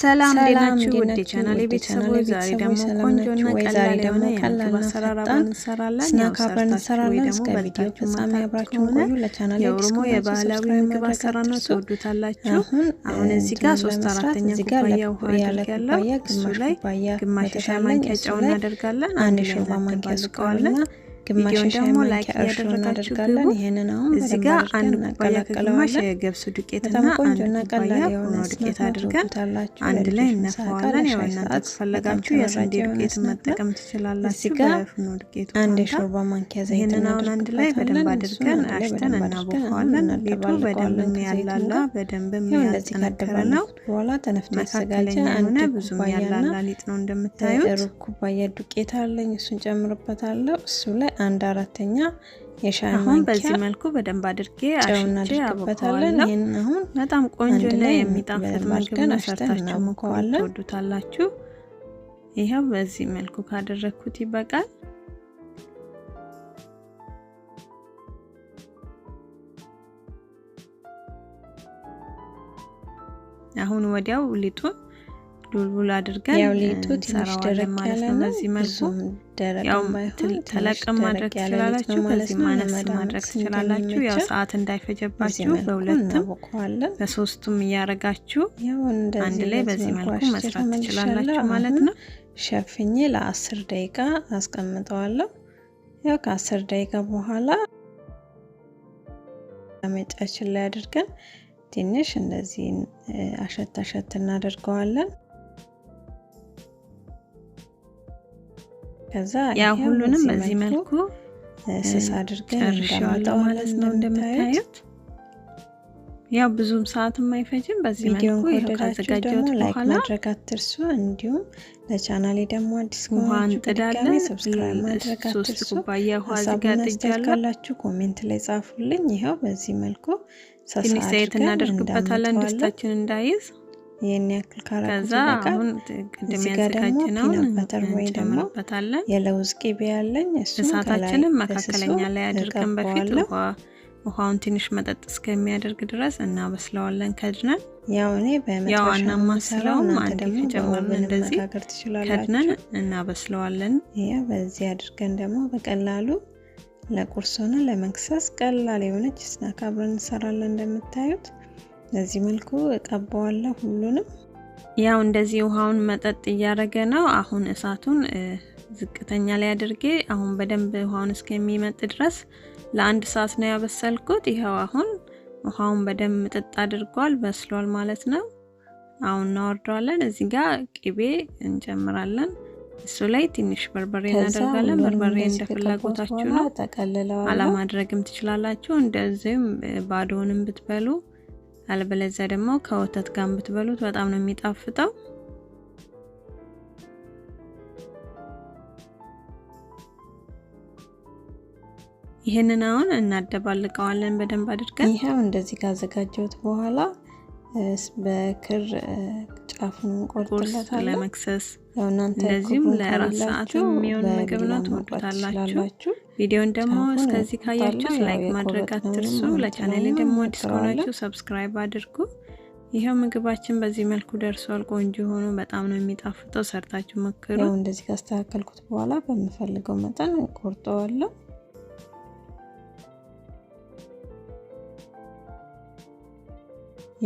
ሰላም ሌናችሁ ውድ ቻናል ቤተሰቦች፣ ዛሬ ደግሞ ቆንጆና ቀላል የሆነ የምግብ አሰራር አብረን እንሰራለን። ስናካብረን እንሰራለን። እስከ ቪዲዮ ፍጻሜ አብራችሁ ቆዩ። ለቻናል የኦሮሞ የባህላዊ ምግብ አሰራር ነው፣ ትወዱታላችሁ። አሁን እዚህ ጋር ሶስት አራተኛ ኩባያ ውሃ አድርጋለሁ። እሱ ላይ ግማሽ ሻይ ማንኪያ ጨው እናደርጋለን። አንድ ሾርባ ማንኪያ ስቀዋለን ግማሽ ደግሞ ላይክ ያደረጋችሁ ግቡ። ይሄንን አሁን እዚህ ጋር አንድ ኩባያ ከግማሽ የገብሱ ዱቄትና አንድ ኩባያ የሆነ ዱቄት አድርገን አንድ ላይ እነፋዋለን። ያው እናንተ ከፈለጋችሁ የስንዴ ዱቄት መጠቀም ትችላላችሁ። እዚህ ጋር አንድ የሾርባ ማንኪያ ዘይት ይሄንን አሁን አንድ ላይ በደንብ አድርገን አሽተን እናቦከዋለን። ዱቄቱ በደንብ የሚያላላ በደንብ ያጠነከረ ነው። በኋላ ተነፍቶ የተዘጋጀ አንድ ብዙ የሚያላላ ሊጥ ነው። እንደምታዩት ሩብ ኩባያ ዱቄት አለኝ። እሱን ጨምርበታለሁ እሱ ላይ አንድ አራተኛ የሻይ አሁን በዚህ መልኩ በደንብ አድርጌ እናደርግበታለን። ይህን አሁን በጣም ቆንጆ ላይ የሚጣፍጥ ምግብ ሰርታችሁ ሙከዋለን ትወዱታላችሁ። ይኸው በዚህ መልኩ ካደረግኩት ይበቃል። አሁን ወዲያው ሊጡን ዱልቡል አድርገን ያው ሊጡ ትንሽ ደረቅ ያለ ነው። በዚህ መልኩ ያው ተለቅም ማድረግ ትችላላችሁ፣ በዚህ ማነስ ማድረግ ትችላላችሁ። ያው ሰዓት እንዳይፈጀባችሁ በሁለትም በሶስቱም እያረጋችሁ አንድ ላይ በዚህ መልኩ መስራት ትችላላችሁ ማለት ነው። ሸፍኜ ለአስር ደቂቃ አስቀምጠዋለሁ። ያው ከአስር ደቂቃ በኋላ መጫችን ላይ አድርገን ትንሽ እንደዚህ አሸት አሸት እናደርገዋለን። ከዛ ያ ሁሉንም በዚህ መልኩ ስስ አድርገን እንዳመጣው ማለት ነው። እንደምታዩት ያው ብዙም ሰዓት የማይፈጅም በዚህ መልኩ ከተዘጋጀት ላይክ ማድረግ አትርሱ። እንዲሁም ለቻናሌ ደግሞ አዲስ ከሆን ጥዳለን ሰብስክራይብ ማድረግ አትርሱ። ሀሳቡን አስተካላችሁ ኮሜንት ላይ ጻፉልኝ። ይኸው በዚህ መልኩ ሰሳ አድርገን እናደርግበታለን፣ ደስታችን እንዳይዝ ይህን ያክል ካረኩት ይበቃል። እዚጋ ደግሞ ፒናት ወይ ደግሞ የለውዝ ቅቤ ያለኝ እሱን መካከለኛ ላይ አድርገን በፊት ውሃውን ትንሽ መጠጥ እስከሚያደርግ ድረስ እናበስለዋለን። ከድነን ያው እኔ በመጥበሻ እናማስለውም አንድ ጨምረን እንደዚህ ከድነን እናበስለዋለን። ያ በዚህ አድርገን ደግሞ በቀላሉ ለቁርስ ሆነ ለመክሰስ ቀላል የሆነች ስናክ አብረን እንሰራለን እንደምታዩት በዚህ መልኩ እቀባዋለሁ ሁሉንም። ያው እንደዚህ ውሃውን መጠጥ እያደረገ ነው። አሁን እሳቱን ዝቅተኛ ላይ አድርጌ አሁን በደንብ ውሃውን እስከሚመጥ ድረስ ለአንድ ሰዓት ነው ያበሰልኩት። ይኸው አሁን ውሃውን በደንብ ምጥጥ አድርጓል፣ በስሏል ማለት ነው። አሁን እናወርደዋለን። እዚህ ጋር ቅቤ እንጨምራለን። እሱ ላይ ትንሽ በርበሬ እናደርጋለን። በርበሬ እንደ ፍላጎታችሁ ነው፣ አለማድረግም ትችላላችሁ። እንደዚሁም ባዶውንም ብትበሉ አለበለዚያ ደግሞ ከወተት ጋር ብትበሉት በጣም ነው የሚጣፍጠው። ይህንን አሁን እናደባልቀዋለን በደንብ አድርገን። ይኸው እንደዚህ ካዘጋጀሁት በኋላ በክር ጫፉን እንቆርጥለታለን ለመክሰስ ያው እናንተ እንደዚሁም ለራት ሰዓት የሚሆን ምግብ ነው። ትወዱታላችሁ። ቪዲዮን ደግሞ እስከዚህ ካያችሁት ላይክ ማድረግ አትርሱ። ለቻናሌ ደግሞ አዲስ ከሆናችሁ ሰብስክራይብ አድርጉ። ይኸው ምግባችን በዚህ መልኩ ደርሷል። ቆንጆ ሆኖ በጣም ነው የሚጣፍጠው። ሰርታችሁ ሞክሩ። ያው እንደዚህ ካስተካከልኩት በኋላ በምፈልገው መጠን ቆርጠዋለሁ።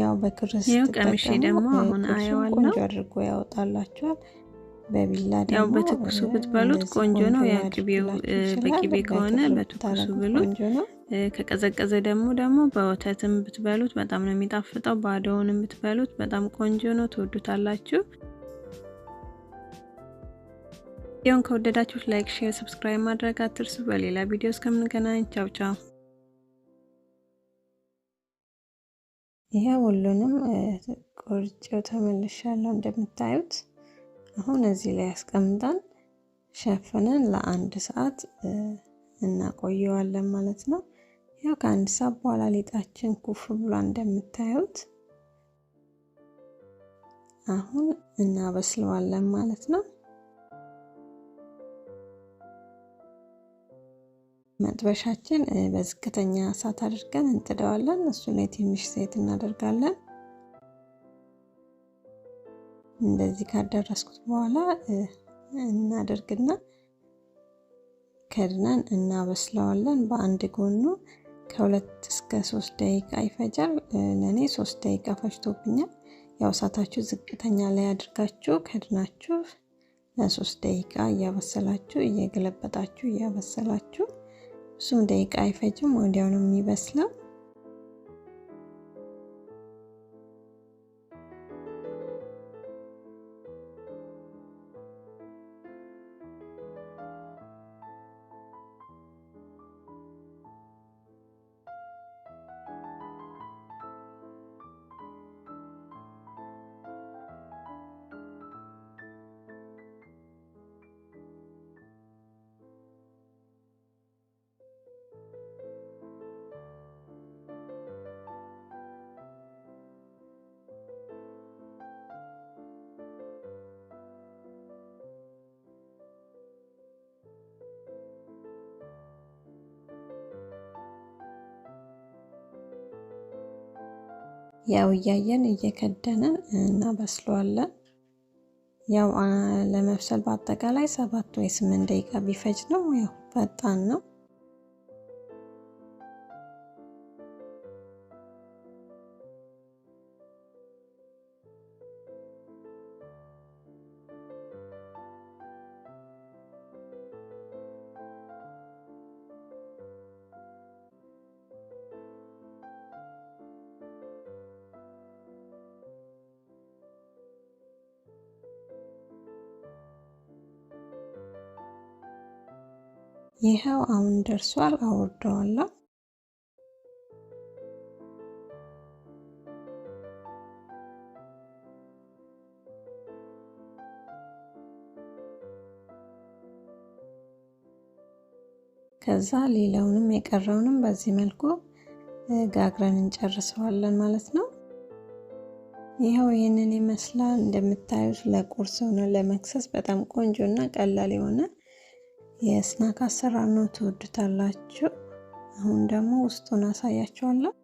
ያው በክር ስትጠቀሙ ቆንጆ አድርጎ ያወጣላችኋል። በቢላ ያው በትኩሱ ብትበሉት ቆንጆ ነው። ያቅቤው ቅቤው በቅቤ ከሆነ በትኩሱ ብሉት። ከቀዘቀዘ ደግሞ ደግሞ በወተትም ብትበሉት በጣም ነው የሚጣፍጠው። ባዶውንም ብትበሉት በጣም ቆንጆ ነው፣ ትወዱታላችሁ። ቪዲዮን ከወደዳችሁት ላይክ፣ ሼር፣ ሰብስክራይብ ማድረግ አትርሱ። በሌላ ቪዲዮ እስከምንገናኝ ቻው ቻው። ይሄ ሁሉንም ቆርጬው ተመልሻለሁ። እንደምታዩት አሁን እዚህ ላይ አስቀምጠን ሸፍነን ለአንድ ሰዓት እናቆየዋለን ማለት ነው። ያው ከአንድ ሰዓት በኋላ ሊጣችን ኩፍ ብሏል እንደምታዩት አሁን እናበስለዋለን ማለት ነው። መጥበሻችን በዝቅተኛ እሳት አድርገን እንጥደዋለን። እሱ ላይ ትንሽ ዘይት እናደርጋለን። እንደዚህ ካደረስኩት በኋላ እናደርግና ከድነን እናበስለዋለን። በአንድ ጎኑ ከሁለት እስከ ሶስት ደቂቃ ይፈጃል። ለእኔ ሶስት ደቂቃ ፈጅቶብኛል። ያው እሳታችሁ ዝቅተኛ ላይ አድርጋችሁ ከድናችሁ ለሶስት ደቂቃ እያበሰላችሁ እየገለበጣችሁ እያበሰላችሁ እሱም ደቂቃ አይፈጅም፣ ወዲያው ነው የሚበስለው። ያው እያየን እየከደንን እናበስለዋለን። ያው ለመብሰል በአጠቃላይ ሰባት ወይ ስምንት ደቂቃ ቢፈጅ ነው። ያው ፈጣን ነው። ይኸው አሁን ደርሷል። አወርደዋለሁ። ከዛ ሌላውንም የቀረውንም በዚህ መልኩ ጋግረን እንጨርሰዋለን ማለት ነው። ይኸው ይህንን ይመስላል እንደምታዩት ለቁርስ ሆነ ለመክሰስ በጣም ቆንጆ እና ቀላል የሆነ የስናክ አሰራር ነው። ትወዱታላችሁ። አሁን ደግሞ ውስጡን አሳያችኋለሁ።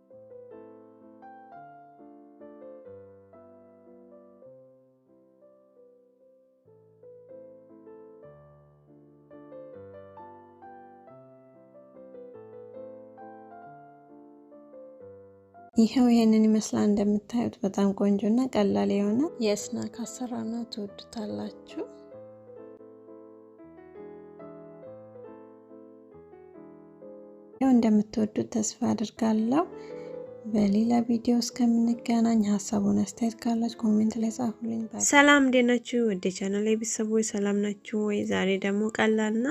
ይኸው ይህንን ይመስላል እንደምታዩት በጣም ቆንጆ እና ቀላል የሆነ የስናክ አሰራር ነው። ትወዱታላችሁ። እንደምትወዱት ተስፋ አድርጋለሁ። በሌላ ቪዲዮ እስከምንገናኝ ሀሳቡን አስተያየት ካላችሁ ኮሜንት ላይ ጻፉልኝ። ሰላም እንዴት ናችሁ? ወደ ቻናል የቤተሰቦች ሰላም ናችሁ ወይ? ዛሬ ደግሞ ቀላልና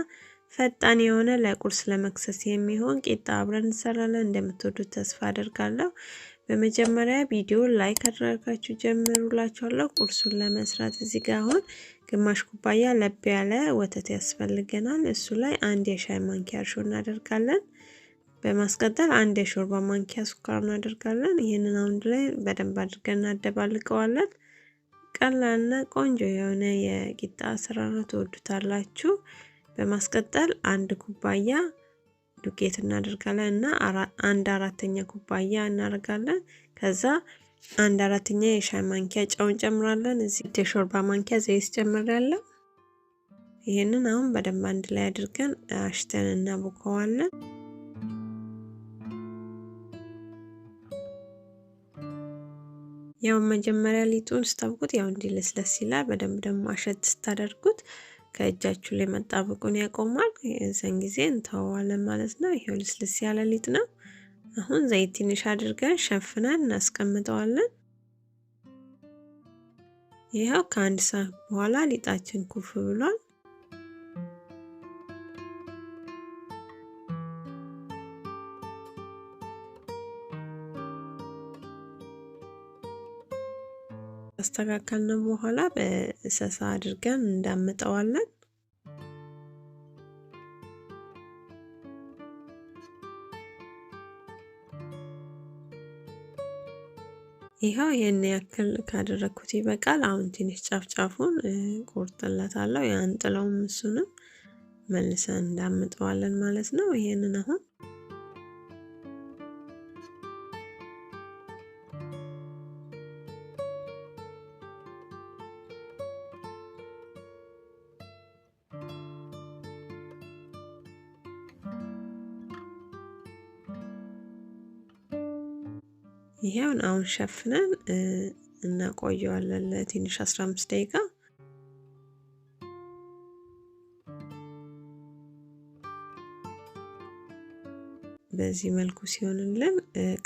ፈጣን የሆነ ለቁርስ ለመክሰስ የሚሆን ቂጣ አብረን እንሰራለን። እንደምትወዱት ተስፋ አደርጋለሁ። በመጀመሪያ ቪዲዮ ላይክ አድርጋችሁ ጀምሩላችኋለሁ። ቁርሱን ለመስራት እዚህ ጋር አሁን ግማሽ ኩባያ ለብ ያለ ወተት ያስፈልገናል። እሱ ላይ አንድ የሻይ ማንኪያ እርሾ እናደርጋለን። በማስቀጠል አንድ የሾርባ ማንኪያ ስኳር እናደርጋለን። ይህንን አንድ ላይ በደንብ አድርገን እናደባልቀዋለን። ቀላልና ቆንጆ የሆነ የቂጣ አሰራር ነው፣ ትወዱታላችሁ። በማስቀጠል አንድ ኩባያ ዱቄት እናደርጋለን እና አንድ አራተኛ ኩባያ እናደርጋለን። ከዛ አንድ አራተኛ የሻይ ማንኪያ ጨው እንጨምራለን። እዚህ የሾርባ ማንኪያ ዘይት ጨምሬያለሁ። ይህንን አሁን በደንብ አንድ ላይ አድርገን አሽተን እናቦከዋለን። ያው መጀመሪያ ሊጡን ስታብቁት ያው እንዲ ለስለስ ይላል። በደንብ ደግሞ አሸት ስታደርጉት ከእጃችሁ ላይ መጣበቁን ያቆማል። የዛን ጊዜ እንተዋዋለን ማለት ነው። ይሄው ልስልስ ያለ ሊጥ ነው። አሁን ዘይት ትንሽ አድርገን ሸፍነን እናስቀምጠዋለን። ይኸው ከአንድ ሰዓት በኋላ ሊጣችን ኩፍ ብሏል። አስተካከልነው በኋላ በሰሳ አድርገን እንዳምጠዋለን። ይኸው ይህን ያክል ካደረግኩት ይበቃል። አሁን ትንሽ ጫፍ ጫፉን ቆርጥለታለሁ። ያን ጥለውም እሱንም መልሰን እንዳምጠዋለን ማለት ነው። ይህንን አሁን ይሄውን አሁን ሸፍነን እናቆየዋለን ለትንሽ 15 ደቂቃ። በዚህ መልኩ ሲሆንልን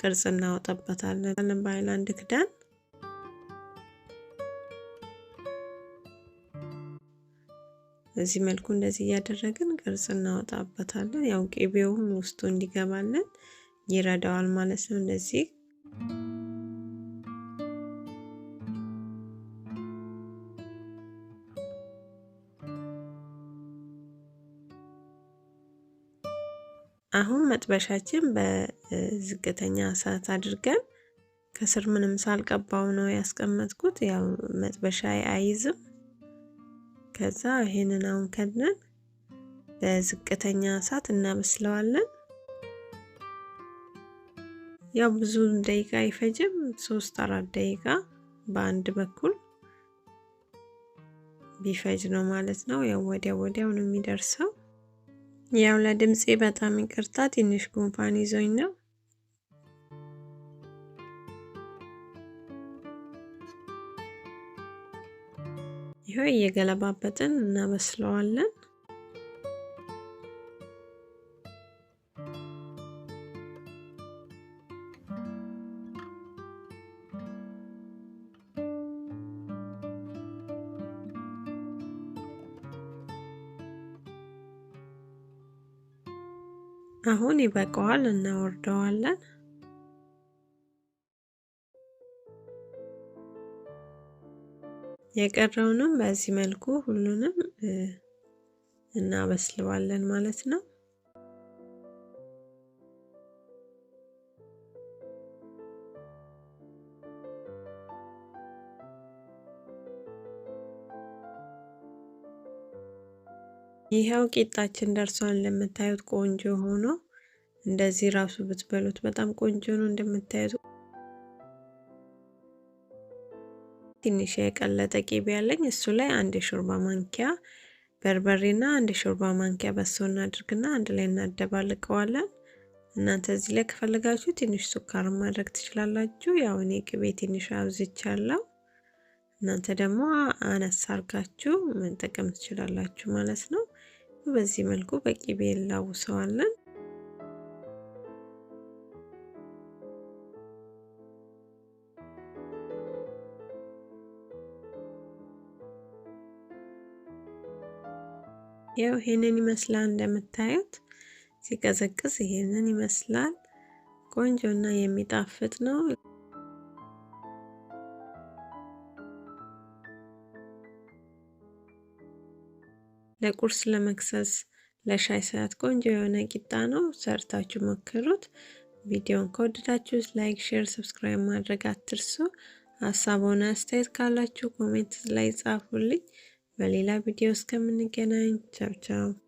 ቅርጽ እናወጣበታለን በሀይላንድ ክዳን። በዚህ መልኩ እንደዚህ እያደረግን ቅርጽ እናወጣበታለን። ያው ቅቤውም ውስጡ እንዲገባለን ይረዳዋል ማለት ነው። እንደዚህ አሁን መጥበሻችን በዝቅተኛ እሳት አድርገን ከስር ምንም ሳልቀባው ነው ያስቀመጥኩት። ያው መጥበሻ አይዝም። ከዛ ይሄንን አሁን ከድነን በዝቅተኛ እሳት እናበስለዋለን። ያው ብዙ ደቂቃ አይፈጅም፣ ሶስት አራት ደቂቃ በአንድ በኩል ቢፈጅ ነው ማለት ነው። ያው ወዲያ ወዲያው ነው የሚደርሰው። ያው ለድምፄ በጣም ይቅርታ፣ ትንሽ ጉንፋን ይዞኝ ነው። ይኸው እየገለባበጥን እናበስለዋለን። አሁን ይበቃዋል፣ እናወርደዋለን። የቀረውንም በዚህ መልኩ ሁሉንም እናበስለዋለን ማለት ነው። ይኸው ቂጣችን ደርሷን ለምታዩት ቆንጆ ሆኖ እንደዚህ ራሱ ብትበሉት በጣም ቆንጆ ነው። እንደምታዩት ትንሽ የቀለጠ ቂቤ ያለኝ እሱ ላይ አንድ የሾርባ ማንኪያ በርበሬና አንድ የሾርባ ማንኪያ በሶ እናድርግና አንድ ላይ እናደባልቀዋለን። እናንተ እዚህ ላይ ከፈለጋችሁ ትንሽ ሱካር ማድረግ ትችላላችሁ። ያው እኔ ቅቤ ትንሽ አብዝቻለሁ። እናንተ ደግሞ አነስ አርጋችሁ መጠቀም ትችላላችሁ ማለት ነው። በዚህ መልኩ በቂቤ እንላውሰዋለን። ያው ይሄንን ይመስላል እንደምታዩት ሲቀዘቅዝ ይሄንን ይመስላል። ቆንጆና የሚጣፍጥ ነው። ለቁርስ፣ ለመክሰስ፣ ለሻይ ሰዓት ቆንጆ የሆነ ቂጣ ነው። ሰርታችሁ ሞክሩት። ቪዲዮን ከወደዳችሁ ላይክ፣ ሼር፣ ሰብስክራይብ ማድረግ አትርሱ። ሀሳብ ሆነ አስተያየት ካላችሁ ኮሜንት ላይ ጻፉልኝ። vanilla videos coming again. Ciao, ciao.